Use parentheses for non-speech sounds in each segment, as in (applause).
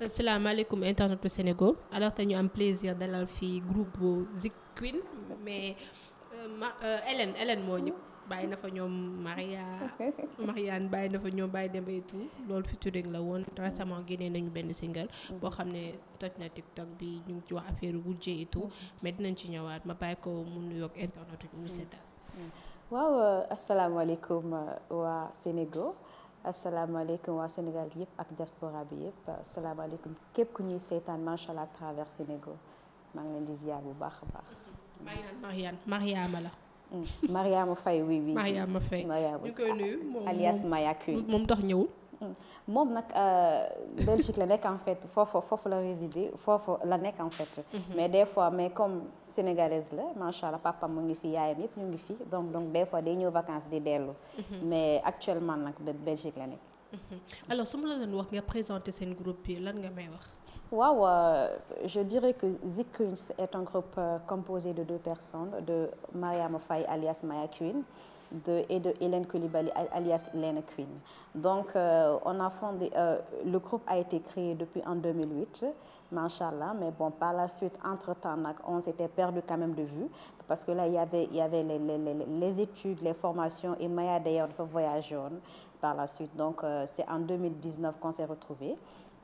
asalaamaaleykum internet bu Sénégal alors te ñu am plaisir dalal fii groupe bu Zik Queen mais euh, ma euh, Hélène moo ñu bàyyi na fa ñoom Maria Marianne bàyyi na fa ñoom bàyyi Demba et tout loolu featuring la woon récemment génnee nañu benn single boo xam ne toj na TikTok bi ñu ngi ci wax affaire wujje et tout mais dinañ ci ñëwaat ma bàyyi ko mu nuyoog internet ñu seetaan waaw asalaamaaleykum euh, waa Sénégal asalaamaaleykum waa Sénégal yëpp ak diaspora bi yëpp asalaamaaleykum képp ku ñuy seetaan macha allah travers Sénégal maa ngi leen di bu baax a baax. maa ngi naan Mariane Mariama la. Hmm, Mariama Faye oui oui. Mariama Faye ñu koy moom tax ñëwul. Mm. moom nag euh, Belgique la nekk en fait foofu foofu la résider foofu la nekk en fait. Mhm. mais des fois mais comme sénégalaise la macha allah papa mu ngi fi yaayam yëpp ñu ngi fi donc donc des fois day ñëw vacances di dello mhm. mais actuellement nag Belgique la nekk. Mhm. alors su la doon wax nga présenter seen groupe bi lan nga may wax. waaw euh, je dirais que Zik Queens est un groupe euh, composé de deux personnes de Mariama fay alias Maya Queen. de, et de Hélène Koulibaly, alias Lena Queen. Donc, euh, on a fondé, euh, le groupe a été créé depuis en 2008, mais bon, par la suite, entre-temps, on s'était perdu quand même de vue, parce que là, il y avait, les, les, les, les études, les formations, et Maya d'ailleurs, voyageur par la suite. Donc, euh, c'est en 2019 qu'on s'est retrouvés,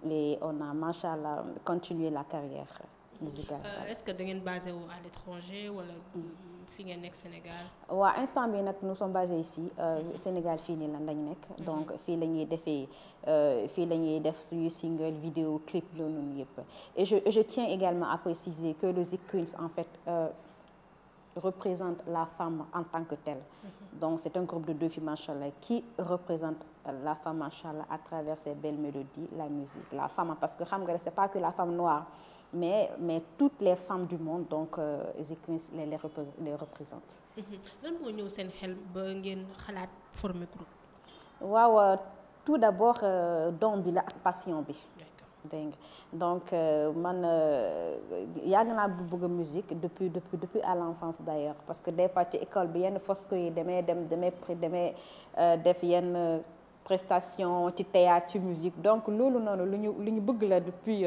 et on a, Machallah, continué la carrière musicale. Euh, est-ce que vous fi ngeen nekk Sénégal. waaw instant bi nag nous sommes basés ici euh, mhm. Sénégal fii nii lan lañu nekk. Mhm. donc fii la ñuy defee euh, fii la ñuy def suñu single vidéo clip loolu noonu yëpp et je je tiens également à préciser que le Zik en fait. Euh, représente la femme en tant que telle. Mhm. Donc c'est un groupe de deux filles, Machallah, qui représente euh, la femme, Machallah, à travers ses belles mélodies, la musique, la femme. Parce que Khamgare, c'est pas que la femme noire, mais, mais toutes les femmes du monde, donc euh, les, les, repré les représentent. Mhm. Lan seen xel ba ngeen xalaat former groupe? Waaw, euh, tout d'abord, euh, don bi la ak passion bi. dégg nga donc euh, man euh, yàgg naa bu bëgg musique depuis depuis depuis à l'enfance d'ailleurs parce que des fois ci école bi yenn fosco yi damay dem damay pri demee euh, def yenn prestation ci théâtre ci musique donc loolu noonu lu ñu lu ñu bëgg la depuis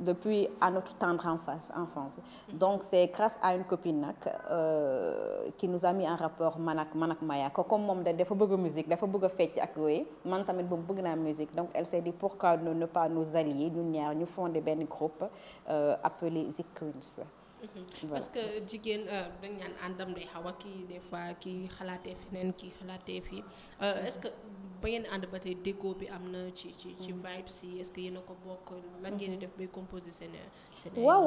depuis à notre tendre en enfance donc c'est grâce à une copine nag euh, qui nous a mis en rapport man ak man ak comme moom da dafa bëgg musique dafa bëgg a fecc ak yooyu man tamit boobu bëgg naa musique donc elle s'est dit pourquoi nous ne pas nous allier ñun ñaar ñu fonder benn groupe euh, appelé Zik Queens parce que jigéen euh, dañ naan àndam day xaw a kii des fois kii xalaatee feneen kii xalaatee fii euh, mm-hmm. est-ce que ba ngeen ànd ba tey déggoo bi am na ci ci ci mm-hmm. vibes yi est-ce yéen a ko bokk lan ngeen di mm-hmm. def bay composer seen seen waaw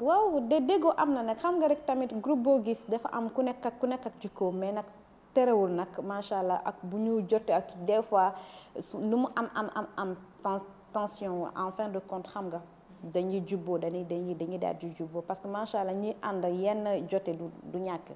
waaw de déggoo am na nag xam nga rek tamit groupe boo gis dafa am ku nekk ak ku nekk ak jikkoom mais nag terewul nag macha allah ak bu ñu jotee ak des fois lu mu am am am am tension en fin de compte xam nga dañuy jubboo dañuy dañuy dañuy daal di jubboo parce que macha allah ñuy ànd yenn jote du du ñàkk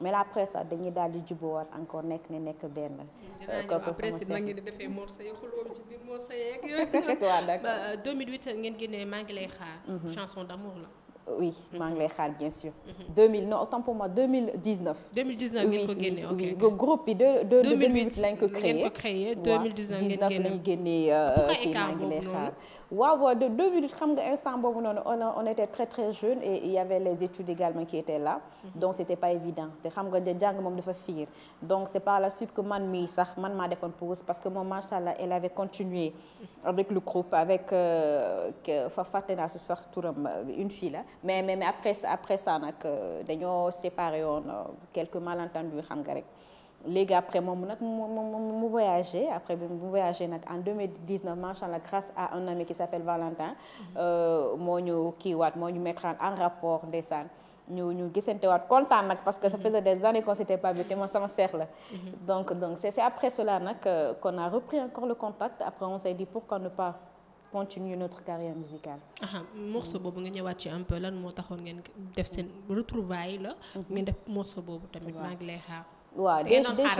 mais la après ça dañuy daal di jubboo war encore nekk ne nekk benn. Euh, kooku sama sëñ ngeen di defee morso yi xulóom ci biir morso yeeg (laughs) yooyu. waaw d'accord 2008 euh, ngeen génnee maa ngi lay xaar. Mm-hmm. chanson d'amour la. oui mhm. maa ngi lay xaar bien sûr. 2000 mhm. non autant pour moi 2019. 2019 ngeen ko génne ok oui groupe bi de de 2008 lañ ko créé. ngeen ko créé 2019 ngeen génne 19 lañ génnee. Euh, kii maa ngi lay xaar waaw waaw de 2008 xam nga instant boobu noonu on on était très très jeune et il y avait les études également qui étaient là. Mhm. donc c' était pas évident te xam nga jàng moom dafa fiir donc c' est par la suite que man mii sax man maa defoon pause parce que moom macha allah elle avait continué. avec le groupe avec euh, fa fàtte naa ce soir turam euh, une fille là. mais mais mais après après ça nag euh, dañoo séparé woon euh, quelques malentendus xam nga rek léegi après moom nag mu mu mu voyagé après bi mu voyagé nag en 2019 macha allah grâce à un ami qui s'appelle Valentin mm-hmm. euh, moo ñu kiiwaat moo ñu mettre en rapport ndeysaan ñu ñu gisante waat kontaan nag parce que ça mm-hmm. faisait des années qu'on s'était pas vu te man sama seex la. Mm-hmm. donc donc c'est après cela nag qu'on a repris encore le contact après on s'est dit pourquoi ne pas. continuer notre carrière musicale. aha morceau boobu nga ñëwaat ci un peu lan moo taxoon ngeen def seen mm. retrouvaille la. Mm-hmm. ngeen def morceau boobu tamit maa ngi lay xaar. waaw déjà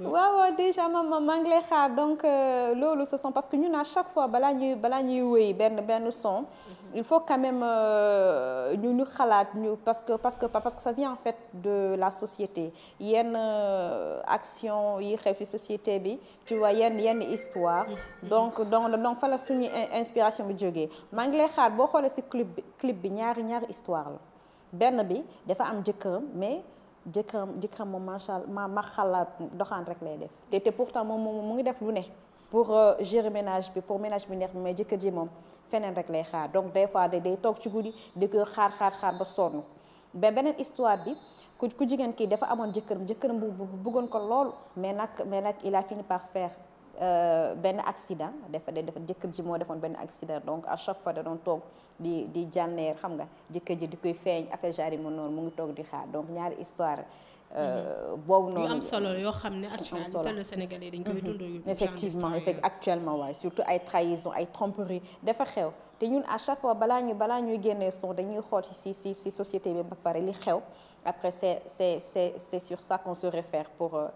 waaw waaw ma maa ngi lay xaar donc euh, loolu ce sont parce que ñun na chaque fois balaa ñuy balaa ñuy wéy benn benn son mhm. il faut quand même euh, ñu ñu xalaat ñu parce que parce que parce que ça vient en fait de la société yenn euh, action yi xew société bi tu vois yenn yenn histoire mhm. donc donc donc fa suñu inspiration bi jógee maa ngi lay xaar boo xoolee si clip bi clip bi ñaari ñaari histoire la benn bi dafa am jëkkëram mais jëkkëram jëkkëram moom macha allah ma ma xalaat doxaan rek lay def te te pourtant moom moom mu ngi def lu ne pour euh, gérer ménage bi pour ménage bi neex bi mais jëkkër ji moom feneen rek lay xaar donc des fois day toog ci guddi di ko xaar xaar xaar ba sonn mais beneen histoire bi ku ku jigéen kii dafa amoon jëkkëram jëkkëram bu bëggoon ko lool mais nag mais nag il a fini par faire. Euh, benn accident dafa de dafa jëkkër ji moo defoon benn accident donc à chaque fois da doon toog di di jànneer xam nga jëkkër ji di koy feeñ affaire genre yi mu noonu mu ngi toog di xaar donc ñaari histoire euh, mhm. boobu noonu yu am solo yoo xam ne actuellement le Sénégalais dañ koy mhm. dund effectivement effectivement actuellement waaye surtout ay trahison ay tromperie dafa xew te ñun à chaque fois balaa ñu balaa ñuy génne son dañuy xool ci ci ci société bi ba pare li xew après c'est c'est c'est c'est sur ça qu'on se réfère pour euh,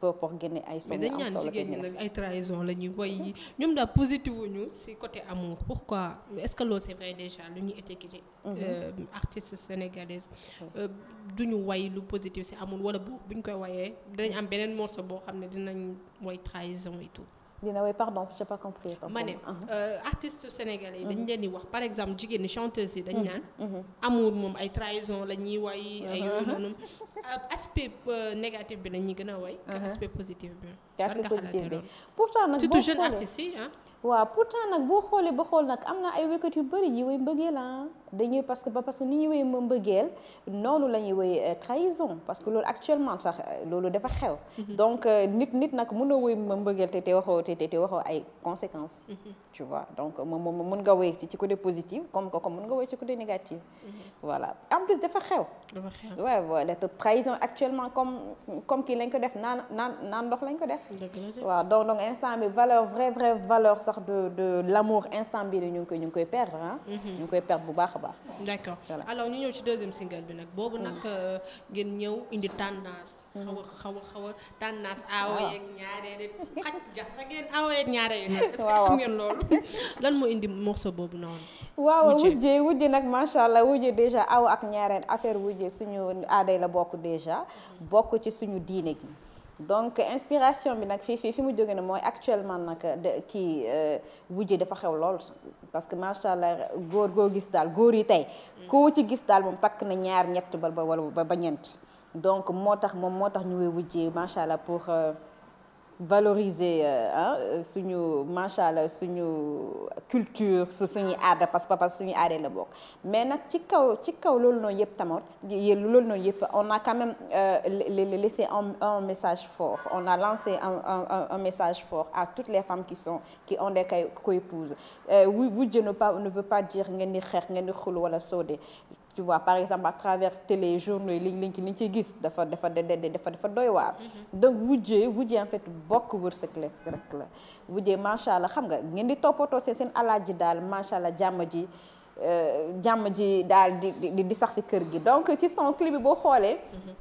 pour génne ay son mais dañ ñaan jigéen ñi nag ay trahison la ñuy woy ñoom daal positif ñu si côté amour pourquoi est-ce que loolu c'est vrai déjà lu ñuy étiqueté mhm. euh, artiste sénégalaise euh, duñu way lu positif si amul wala bu buñ koy wayee dinañ am beneen morceau boo xam ne dinañ woy trahison yi tout dina way eh, pardon j'ai pas compris. ma ne uh-huh. euh, artistes sénégalais yi dañ uh-huh. leen di wax par exemple jigéen ñi chanteuses yi dañ uh-huh. naan. amour moom ay trahison la ñuy way ay yooyu noonu euh, aspect euh, négatif bi la ñuy gën a way. que aspect positif bi. aspect positif bi pourtant nag boo xoolee surtout jeune artistes yi waaw pourtant nag boo xoolee ba xool nag am na ay wéykat yu bëri ñuy woy mbëggeel ah dañuy parce que ba parce que ni ñuy woy mbëggeel noonu la ñuy woy euh, trahison parce que loolu actuellement sax euh, loolu dafa xew. Mm-hmm. donc euh, nit nit nag mën mm-hmm. nga woy ci ci côté positif comme comme mën nga woy ci côté négatif. Mm-hmm. voilà en plus dafa xew. dafa xew waaw voilà te trahison actuellement comme comme kii lañ ko def naan naan naan ndox lañ ko def. waaw donc instant bi valeur vraie vraie valeur. sax de de l' amour instant bii ñu ngi koy ñu ngi koy perdre ah. mhm. ñu ngi koy perdre bu baax a baax. d' accord voilà. alors ñu ñëw ci deuxième single bi nag boobu nag mhm. euh, ngeen ñëw indi tendance. Mhm. xaw a xaw a xaw a tendance aawee ah. ak ñaareel it e ak ñaareel est (laughs) moo indi morceau boobu noonu. waaw nag macha allah wujje déjà aw e ak ñaareel affaire wujje suñu aaday la bokk déjà. bokk ci suñu diine gi. donc inspiration bi nag fii fii fi mu jógee ne mooy actuellement nag euh, kii euh, wujje dafa xew lool parce que macha allah góor goo gis daal góor yi tey mm. koo ci gis daal moom takk na ñaar ñett ba wala ba ñeent donc moo tax moom moo tax ñu wujjee macha allah pour. Euh, valoriser ah suñu macha allah suñu culture su suñu aada parce que parce que suñu aada la bokk mais nag ci kaw ci kaw loolu noonu yëpp tamit loolu noonu yëpp on a quand même euh, laissé un un message fort on a lancé un un message fort à toutes les femmes qui sont qui ont des coépouses wujje ne pas ne veut pas dire ngeen di xeex ngeen di xul wala soodee tu par exemple à travers télé journaux yi liñ liñ ci liñ ciy gis dafa dafa de dafa dafa doy waar mhm. donc wujjee wujjee en fait bokk wërsëg rek la wujje macha allah xam nga ngeen di toppatoo seen seen alaaj ji daal macha allah jàmm ji euh, jàmm ji daal di di sax si kër gi donc ci son clip bi boo xoolee mhm.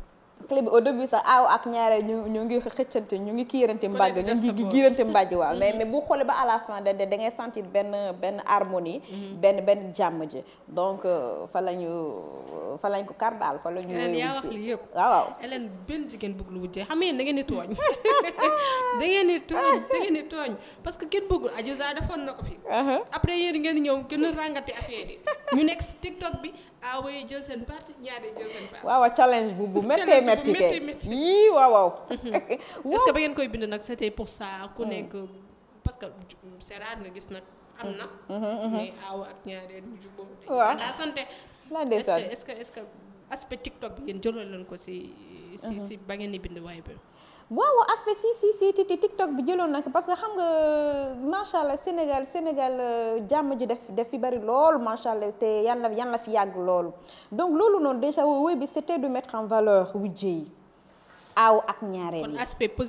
clip bi au début sax aaw ak ñaare ñu ñu ngi xëccante ñu ngi kiirante mbàjj ñu ngi giirante mbàjj waaw mm-hmm. mais mais bu xoolee ba à la fin da da sentir benn benn harmonie mm-hmm. benn benn jàmm ji donc euh, fa la ñu fa lañ ko kar daal fa la ñu Hélène yaa yëpp waaw waaw Hélène benn jigéen bëgg lu wujjee xam ngeen da ngeen di tooñ (laughs) da di tooñ da ngeen di tooñ parce que kenn bëggul Adiouza defoon na ko fi uh-huh. après yéen ngeen ñëw gën a ràngate ñu nekk si TikTok bi awa ah yi jël seen part ñaari jël seen part. waaw challenge bu bu méttee métti kay yii waaw waaw. (laughs) est-ce ba ngeen koy bind nag c'était pour ça ku mm. nekk parce que c'est rare nga gis nag am na. Mm. Mm-hmm, mm-hmm. mais awa ak ñaareel bu jubóo. waaw daa sante. la ndeysaan est-ce que est-ce que aspect TikTok bi ngeen jëloon leen ko si. si mm-hmm. si ba ngeen di bind waaye bi waaw aspect si si si ti TikTok bi jëloon nag parce que xam nga macha allah Sénégal Sénégal euh, jàmm ji def def fi bari lool macha allah te yan la yan la fi yàgg loolu donc loolu noonu déjà woy bi c'était de mettre en valeur wujje yi aaw ak ñaareel yi kon aspect ko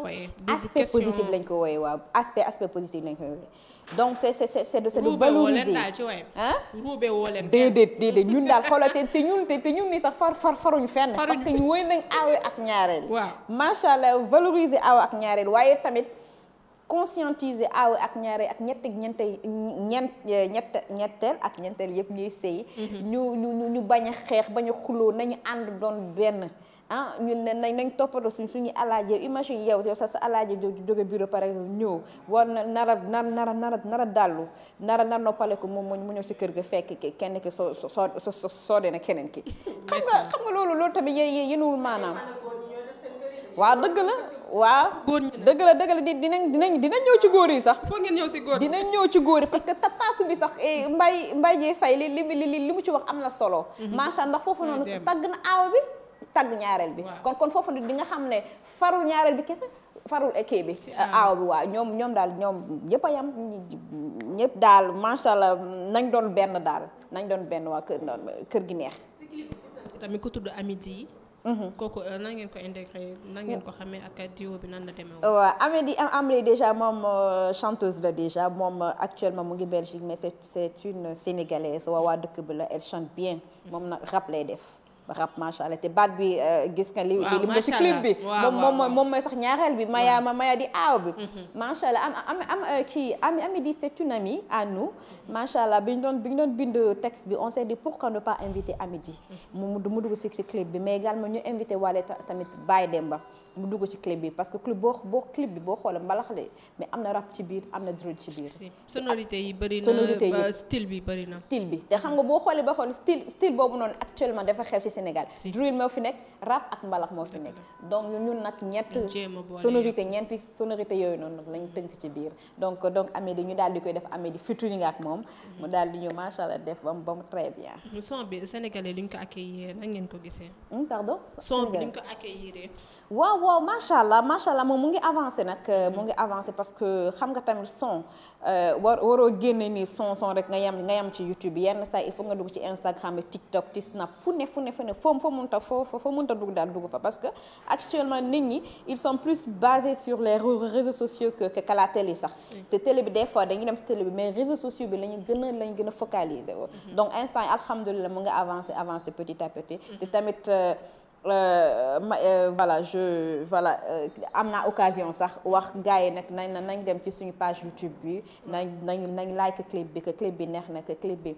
wooyee. aspect positif lañ lañ ko wooyee donc c' est c' est c' est de c' est de valoriser ah. ruube woo leen déedéet déedéet ñun daal xoolal te ñun te ñun sax far far faruñ fenn. parce que ñu wooy nañ aawee ak ñaareel. waaw macha allah valoriser aaw ak ñaareel waaye tamit. conscientiser aaw ak ñaare ak ñett ak ñeente ñeent ñett ñetteel ak ñeenteel yëpp ñuy sëy mhm. ñu ñu ñu bañ a xeex bañ a xuloo nañu ànd doon benn ah ñun ne nañ nañ toppatoo suñ suñu alaaje imagine yow yow sa sa alaaje jóge bureau par exemple ñëw war na nara nar nara nara nara dàllu nara nar noppaleku moom moo mu si kër ga fekk ki kenn ki soo soo soo soodee na keneen ki (laughs) xam nga loolu loolu tamit yéen maanaam waaw dëgg la waaw dëgg la dëgg la dinañ dinañ dinañ ñëw ci góor yi sax foo ngeen ñëw si góor dinañ ñëw ci góor parce que tataasu bi sax mbay eh, mbay jee fay li li li mu ci wax am na solo mhm. macha allah foofu noonu tagg na aaw bi tagg ñaareel bi kon kon foofu di nga xam ne farul ñaareel bi kese farul kii bi ah. aaw bi waaw ñoom ñoom daal ñoom ñëpp a yam ñëpp daal macha allah nañ doon benn daal nañ doon benn waa kër kër gi neex tamit ku tudd amidi yi mhm. kooku euh, nan ngeen ko intégré nan ngeen ko xamee ak duo bi nan la demee waaw Amélie Amélie moom euh, chanteuse la déjà moom euh, actuellement mu ngi Belgique mais c'est c'est une sénégalaise waa waa dëkk bi la elle chante bien moom nag rap lay def rap macha allah te baat bi euh, gis nga li li mu ci clip bi moom mooy sax ñaareel bi maya ma maya di aaw bi mhm. macha allah am am am euh, kii ami ami di c'est une amie à nous mhm. macha allah bi ñu doon bi ñu doon bind texte bi on s'est dit pourquoi ne pas inviter ami di mhm. mu mu dugg si si clip bi mais également ñu invité waale tamit Baye Demba mu dugg ci clip bi parce que clip boo boo boo xoolee mbalax mais am na rap ci biir am na drill ci biir. sonorité yi bëri na style bi bi te xam nga boo xoolee ba xool style style boobu noonu actuellement dafa xew ci Sénégal drill yooyu noonu nag lañ tënk ci biir donc donc Amédi ñu di koy def Amédi featuring ak moom mhm. mu daal di ñu mu ba mu très bien son bi sénégalais hmm, ko accueillir waaw waaw macha allah moom mu ngi avancé nag euh, mu ngi avancé parce que xam nga tamit son euh, war waroo génne ni son son rek nga yam nga yam ci YouTube yenn saa il faut nga dugg ci Instagram TikTok ci Snap fu ne fu ne fu ne ne foo foo mënta foo foo mënta dugg daal dugg fa parce que actuellement nit ñi ils sont plus basés sur les réseaux sociaux que que la télé sax te télé bi des fois dañuy dem si télé bi mais réseaux sociaux bi la ñu gën a la gën a focaliser wo mhm. donc instant yi alhamdulilah mu nga avancer avancer petit à petit mhm. te tamit Euh, euh, euh voilà je voilà euh, am naa occasion sax wax gars yi nag nañ nañ dem ci suñu page YouTube bi nañ nañ nañ like clip bi que clip bi neex na que clip bi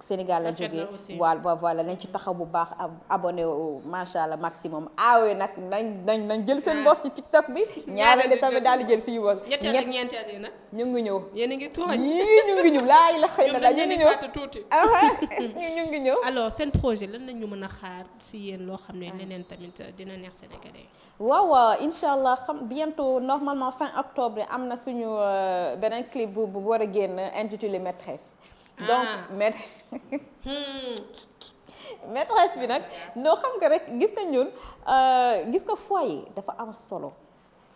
Sénégal la jógee voilà voilà nañ ci taxaw bu baax abonné wu macha allah maximum awe ah nag nañ nañ nañ jël seen ah. bos ci tiktok bi. (laughs) ñaareel di tamit daal di jël suñu bos. ñetteel ak ñeenteel ñu ngi ñëw. yéen a ñu ngi ñëw laay la xëy na daal ñu ngi ñëw (laughs) ah (laughs) ñu ngi ñëw. alors seen projet lan lañ ñu mën a xaar si yéen loo xam ne leneen tamit dina neex Sénégalais. waaw incha allah xam bientôt normalement fin octobre am na suñu euh, beneen clip bu bu war a génn intitulé maîtresse. donc ah. maître hmm. (laughs) maîtresse bi nag noo xam nga rek gis nañ ñun euh, gis nga foyer dafa am solo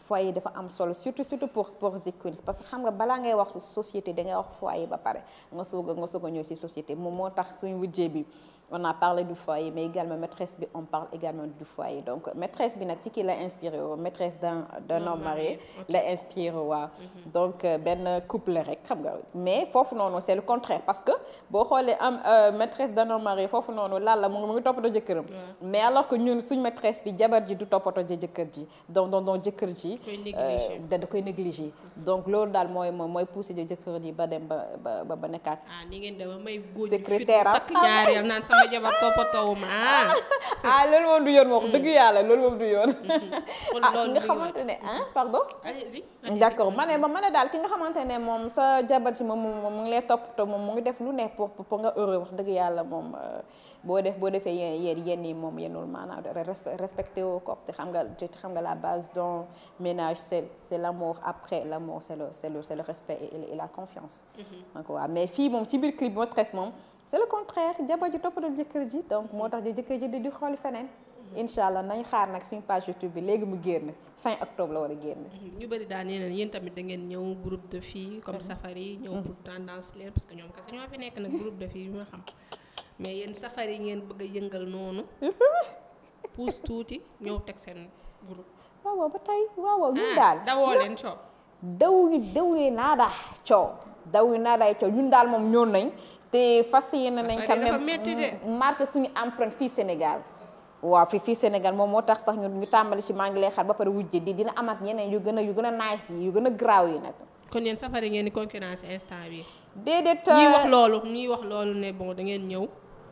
foyer dafa am solo surtout surtout pour pour Zik Queens parce que xam nga balaa ngay wax ci société dangay wax foyer ba pare nga soog a nga soog a ñëw si société moom moo tax suñu wujjee bi on a parlé du foyer mais également maîtresse bi on parle également du foyer donc maîtresse bi nag ci kii la inspiré woo maîtresse d'un d'un homme marié la inspiré waa mhm. donc euh, benn couple rek xam nga mais foofu noonu c'est le contraire parce que boo xoolee am euh, maîtresse d'un homme marié foofu noonu laal la mu ngi toppatoo jëkkëram mais alors que ñun suñ maîtresse bi jabar ji du toppatoo ji jëkkër ji donc donc donc jëkkër ji euh, da koy négligé donc loolu daal mooy mooy mooy poussé ji jëkkër ji ba dem ba ba ba nekkaat ah, secrétaire sama jabar toppatoowu (laughs) ah, loolu moom du yoon wax dëgg yàlla loolu moom du yoon (laughs) ah ki nga xamante ne ah pardon d'accord ma ne ma ma ne daal ki nga xamante ne moom sa jabar ci moom moom mu ngi lay toppatoo moom mu ngi def lu ne pour pour nga heureux wax dëgg yàlla moom euh, boo def boo defee yeen yenn yi moom yenul maanaam respecté woo ko te xam nga te xam nga la base d'un ménage c'est c'est l'amour après l'amour c'est le c'est le c'est le et la confiance mm-hmm. donc waaw mais fii moom ci biir clip mot moom c'est le contraire jabar ji toppatoo jëkkër ji donc moo tax jëkkër ji di di xooli feneen incha allah nañ xaar nag suñu page YouTube bi léegi mu génn fin octobre la war a génn ñu bëri daa nee neen yéen tamit da ngeen ñëw groupe de filles comme safari ñëw mm-hmm. pour tendance leen parce que ñoom kese ñoo fi nekk nag groupe de filles yu ma xam mais yéen safari ngeen bëgg a yëngal noonu mm-hmm. pousse tuuti ñëw teg seen groupe waaw waaw ba tey waaw waaw ñun ah, daal dawoo leen coow daw yi daw yi naa ñun daal moom ñoon nañ te fas yéene nañ quand même marqué suñu empreinte fii Sénégal waaw fii fii Sénégal moom moo tax sax ñu ñu tàmbali ci maa ngi lay xaar ba pare wujje di dina amat ñeneen yu gën a yu gën a nice yi yu gën a graaw yi nag kon yéen safari ngeen di concurrence instant bi déedéet ñuy euh, wax loolu ñuy wax loolu ne bon da ngeen ñëw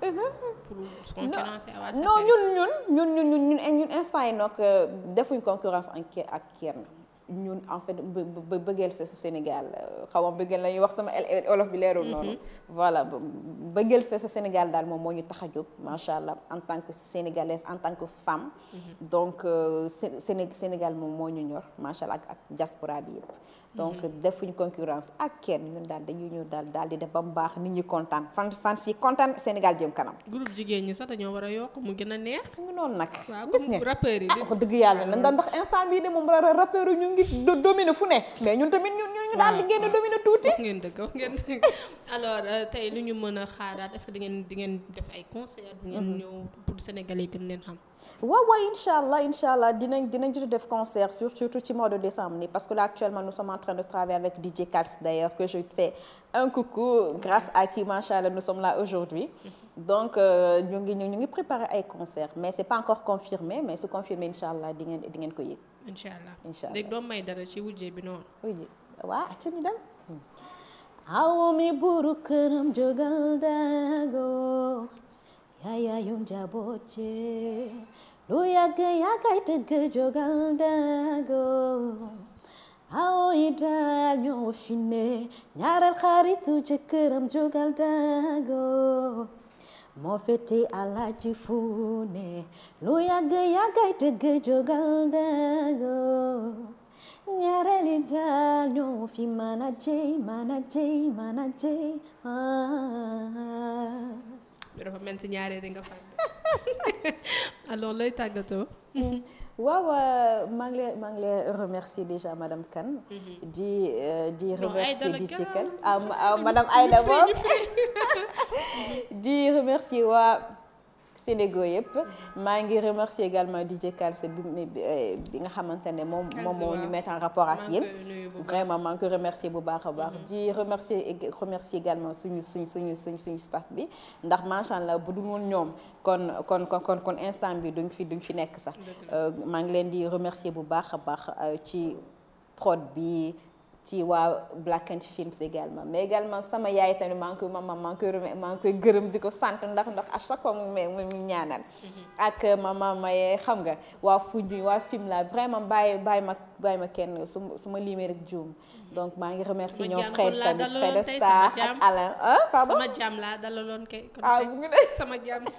mhm. pour concurrence ñun ñun ñun ñun ñun ñun instant yi nag euh, defuñ concurrence ak kenn ñun en fait bë bëggeel sa Sénégal xaw ma bëggeel la ñuy wax sama olof bi leerul mm-hmm. noonu. voilà bëggeel sa Sénégal daal moom moo ñu tax a jóg macha allah en tant que sénégalaise en tant que femme. Mm-hmm. donc euh, Séné Sénégal moom moo ñu ñor macha ak diaspora bi yëpp. donc mm-hmm. defuñu concurrence ak kenn ñun daal dañuy ñëw daal daal di def ba mu baax nit ñi kontaan fan fan si kontaan Sénégal jëm kanam. groupe jigéen ñi sax dañoo war a yokk mu gën a neex. mu noonu nag. gis nga ah, waaw comme ndax instant bii de moom rappeurs ngi fu ne mais ñun tamit ñun ñu daal di ngeen di dominer tuuti. ngeen dëgg ngeen dëgg (laughs) alors euh, tey lu ñu mën a xaaraat est-ce que di ngeen di ngeen def ay concert di ngeen mm-hmm. ñëw pour yi gën leen xam. waaw waaw incha allah incha allah dinañ dinañ jot def concert surtout ci mois de décembre ni parce que là actuellement nous sommes en train de travailler avec DJ Kals d'ailleurs que je fais un coucou grâce à qui macha allah nous sommes aujourd'hui mm-hmm. donc euh, ñu ngi ñu ngi préparer ay concert mais c'est pas encore confirmé allah di ngeen di incha allah incha allah may dara ci wujje bi noonu. wujje waaw acca mi dal. awo mi buru këram jogal dago yaayayum jabooce lu yàgg yàggay dëgg jogal dago awo yi daal ñoo fi ne ñaaral xaritu jëkkëram jogal dago moo fete alaaji fuune lu yàgg yàggay dëgg jógal dëggo ñaareeli daal ñoo fi mana jey mana jey mana jey dafa ah. mel si ñaareel nga fàtte (laughs) alors looy tàggatoo. Mm-hmm. waaw maa ngi lay maa ngi lay remercier déjà madame Kane. Mm-hmm. di euh, di remercier di ci ah, ah (laughs) madame Aïda (laughs) di remercier waa. Sénégal yëpp maa ngi remercier également DJ Kalse bi eh, bi nga xamante ne moom moom moo ñu mettre en rapport ak yéen vraiment maa ngi ko remercier bu baax a baax mm-hmm. di remercier remercier également suñu suñu suñu suñ suñu staff bi ndax macha allah bu du woon ñoom kon kon kon kon instant bi duñ fi duñ fi nekk sax euh, maa ngi leen di remercier bu baax a baax euh, ci prod bi ci waa Black and Films également mais également sama yaay tamit maa ngi koy maman maa ngi koy maa ngi koy gërëm di ko sant ndax ndax à chaque fois mu mu mu ñaanal. Mm-hmm. ak euh, maman Maye xam nga waa Foundiougne waa Fimela vraiment bàyyi bàyyi ma. bàyyi ma kenn su ma su ma limee rek juum donc maa ngi remercier ñoom Fred tamit Fred Star ak Alain ah pardon sama jaam laa dalaloon kay ah mu (laughs) ah, sa jaam ah,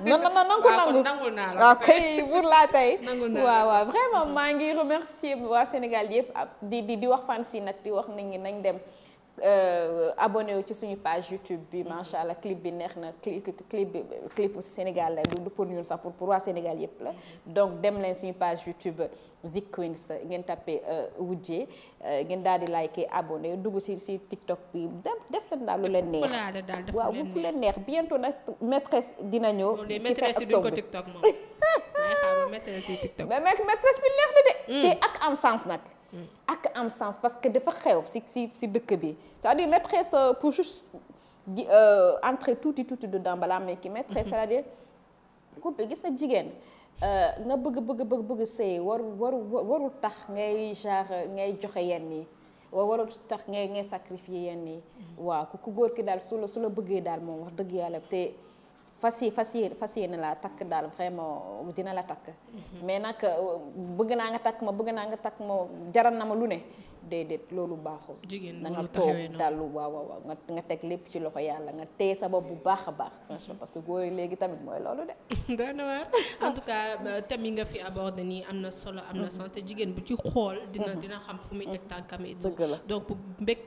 na na nangu la waaw ah, kay buur laa tey (laughs) waaw vraiment maa ngi remercier waa Sénégal yëpp di di di wax fan si nag di wax nit ñi nañ dem Euh, abonné wu ci suñu page YouTube bi mhm. macha allah clip bi neex na clip clip clip Sénégal la du pour ñun sax pour pour waa Sénégal yëpp la mhm. donc dem leen suñu page YouTube Zik Queens ngeen tapé euh, wujjee euh, ngeen daal di liké abonné dugg si si TikTok bi def leen daal lu leen neex. waaw bu fu leen neex bientôt nag maîtresse dina ñëw. ci fin octobre (laughs) maîtresse bi neex na de. Mm. te ak am sens nag. ak am sens parce que dafa xew si si si dëkk bi sa à dire maîtresse euh, pour juste di euh, entrer tuuti tuuti dedans balaa may kii maîtresse mhm. c'est-à-dire couple gis na jigéen euh, nga bëgg bëgg bëgg sëy waru warul tax ngay genre ngay joxe yenn yi waa warul tax ngay ngay sacrifier yenn yi mhm. waaw ku góor ki daal su su la bëggee daal moom wax dëgg yàlla te fas yi fas yi fas yéene laa takk daal vraiment dina la takk mhm. mais nag euh, bëgg naa nga takk ma bëgg naa nga takk ma jaral na ma lu ne déedéet loolu baaxul. jigéen da nga toog dallu waaw waaw nga nga teg lépp ci loxo yàlla nga téye sa bopp bu mm-hmm. baax a baax. Mm-hmm. parce que góor yi léegi tamit mooy loolu de. (laughs) doy na waar ah. en tout cas thème yi nga fi abordé nii am na solo am na mm-hmm. santé jigéen bu ci xool. dina dina xam fu muy teg tànkam it. donc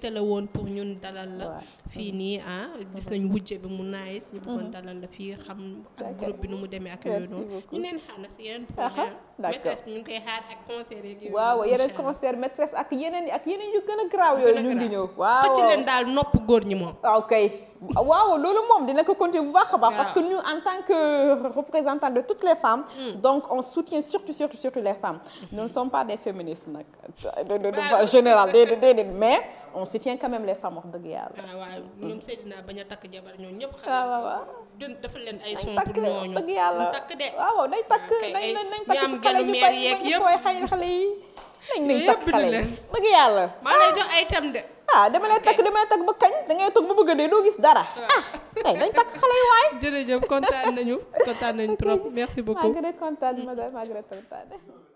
te la woon pour ñun dalal la. fii nii ah gis nañu wujje bi mu nice ñu bëggoon la fii xam ak nu mu demee ak yooyu noonu. ñu neen xaar na si yeneen (laughs) projet. maîtresse bi ñu koy xaar ak concert yeeg waaw yeneen yeneen ak yeneen yu gën a graaw yooyu ñu ngi ñëw waaw ah, waaw loolu moom dina ko continuer bu baax baax parce que ñu en tant que représentant de toutes les femmes hmm. donc on soutient surtout surtout surtout les femmes hmm. nous ne sommes pas des féministes nag de général déedéet déedéet mais on soutient quand les femmes wax dëgg yàlla ah, waaw waaw a takk jabar ñoom ah, takk dëgg yàlla takk de waaw waaw day ñu koy xale yi nañ nañ takk xale yi dëgg yàlla. maa lay ah. jox ay tam de. ah dama lay takk dama takk ba kañ da ngay ba bëgg dee doo gis dara. ah ay ah, nañ takk xale yi waay. jërëjëf kontaan nañu kontaan nañu trop merci beaucoup. malgré kontaan madame malgré kontaan.